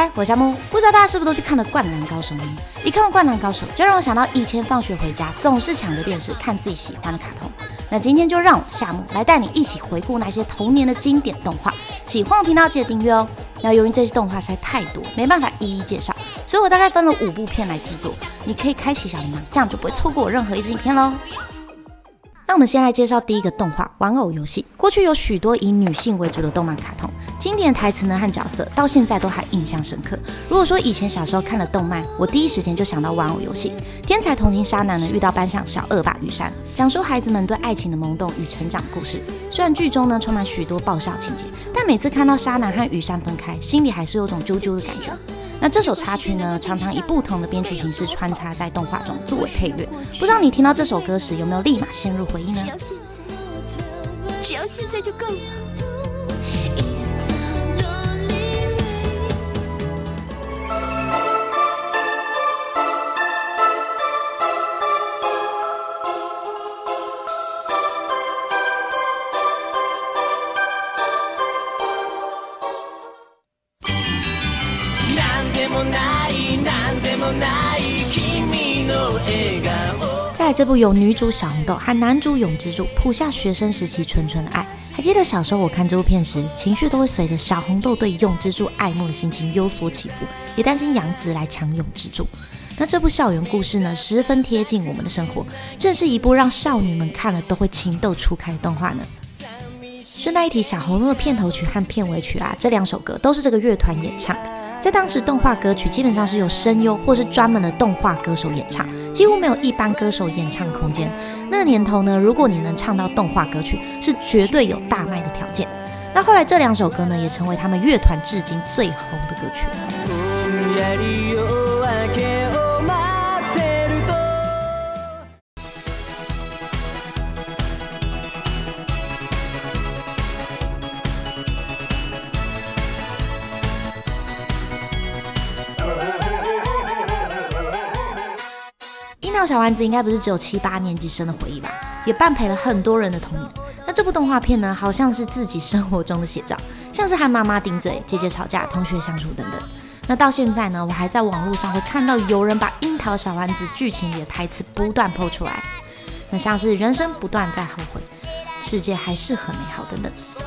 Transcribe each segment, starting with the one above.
嗨，我是夏慕，不知道大家是不是都去看了《灌籃高手》呢？一看到《灌籃高手》，就讓我想到以前放學回家總是搶着電視看自己喜歡的卡通。那今天就讓我夏慕來帶你一起回顧那些童年的經典動畫。喜歡的頻道記得訂閱哦。那由於這些動畫實在太多，沒辦法一一介紹，所以我大概分了五部片來制作。你可以開啟小鈴鐺，這樣就不會錯過我任何一支影片嘍。那我們先來介紹第一個動畫《玩偶遊戲》。過去有許多以女性為主的動漫卡通。經典台詞呢和角色到現在都還印象深刻。如果說以前小時候看了動漫，我第一時間就想到《玩偶遊戲》。天才童星紗南呢遇到班上小惡霸羽山，講述孩子們對愛情的懵懂與成長故事。雖然劇中呢充滿許多爆笑情節，但每次看到紗南和羽山分開，心裡還是有一種揪揪的感覺。那這首插曲呢，常常以不同的編曲形式穿插在動畫中作為配樂。不知道你聽到這首歌時有沒有立馬陷入回憶呢？只要現在，只要現在就夠了。再來這部由女主小紅豆和男主勇之助譜下學生時期純純的愛，還記得小時候我看這部片時，情緒都會隨着小紅豆對勇之助愛慕的心情有所起伏，也擔心陽子來搶勇之助。那這部校園故事呢，十分貼近我們的生活，正是一部讓少女們看了都會情竇初開的動畫呢。順帶一提，小紅豆的片頭曲和片尾曲啊，這兩首歌都是這個樂團演唱的。在當時，動畫歌曲基本上是由聲優或是專門的動畫歌手演唱，幾乎沒有一般歌手演唱的空間。那個年頭呢，如果你能唱到動畫歌曲，是絕對有大賣的條件。那後來這兩首歌呢，也成為他們樂團至今最紅的歌曲。《櫻桃小丸子》應該不是只有七八年級生的回憶吧，也伴陪了很多人的童年。那這部動畫片呢，好像是自己生活中的寫照，像是和媽媽頂嘴、姐姐吵架、同學相處等等。那到現在呢，我還在網路上會看到有人把《櫻桃小丸子》劇情裡的台詞不斷拋出來，那像是人生不斷在後悔，世界還是很美好等等。說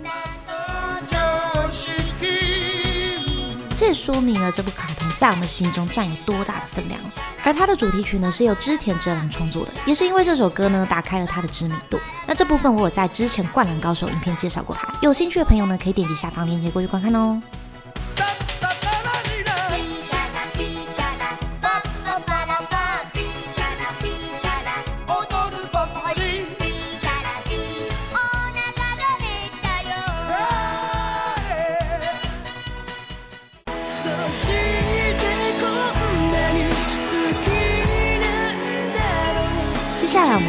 難就這也說明了這部卡通在我們心中佔有多大的分量。而它的主題曲呢，是由織田哲郎創作的，也是因為這首歌呢，打開了它的知名度。那這部分我有在之前《灌籃高手》影片介紹過他，它有興趣的朋友呢，可以點擊下方鏈接過去觀看哦。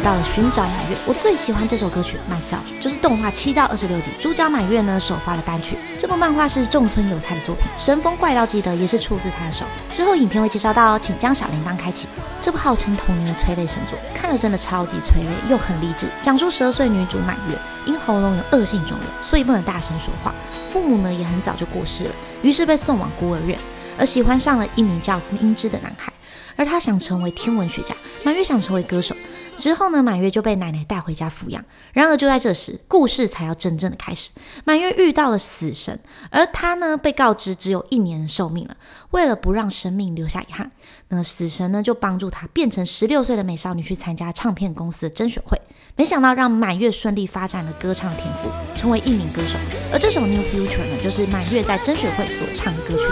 到了尋找滿月，我最喜歡這首歌曲《Myself》，就是動畫七到二十六集《主角滿月》呢首發的單曲。這部漫畫是種村有菜的作品，《神風怪盜基德》也是出自他的手。之後影片會介紹到，請將小鈴鐺開啟。這部號稱童年催淚神作，看了真的超級催淚，又很勵志。講述十二歲女主滿月因喉嚨有惡性腫瘤，所以不能大聲說話。父母呢也很早就過世了，於是被送往孤兒院，而喜歡上了一名叫英知的男孩。而他想成為天文學家，滿月想成為歌手。之後呢，滿月就被奶奶帶回家撫養。然而就在這時，故事才要真正的開始。滿月遇到了死神，而她呢，被告知只有一年的壽命了。為了不讓生命留下遺憾，那死神呢，就幫助她變成十六歲的美少女去參加唱片公司的甄選會。沒想到讓滿月順利發展了歌唱天賦，成為一名歌手。而這首 New Future 呢，就是滿月在甄選會所唱的歌曲。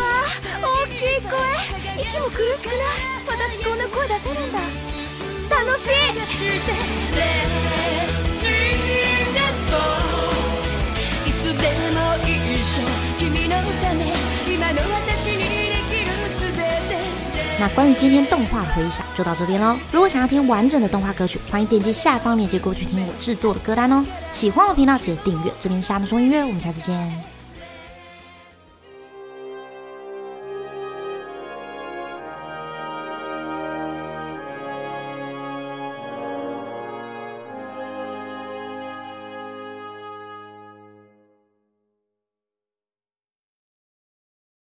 那關於今天動畫的回想就到這邊嘍。如果想要聽完整的動畫歌曲，歡迎點擊下方鏈接過去聽我製作的歌單哦。喜歡我頻道記得訂閱，這邊是夏慕說音樂，我們下次見。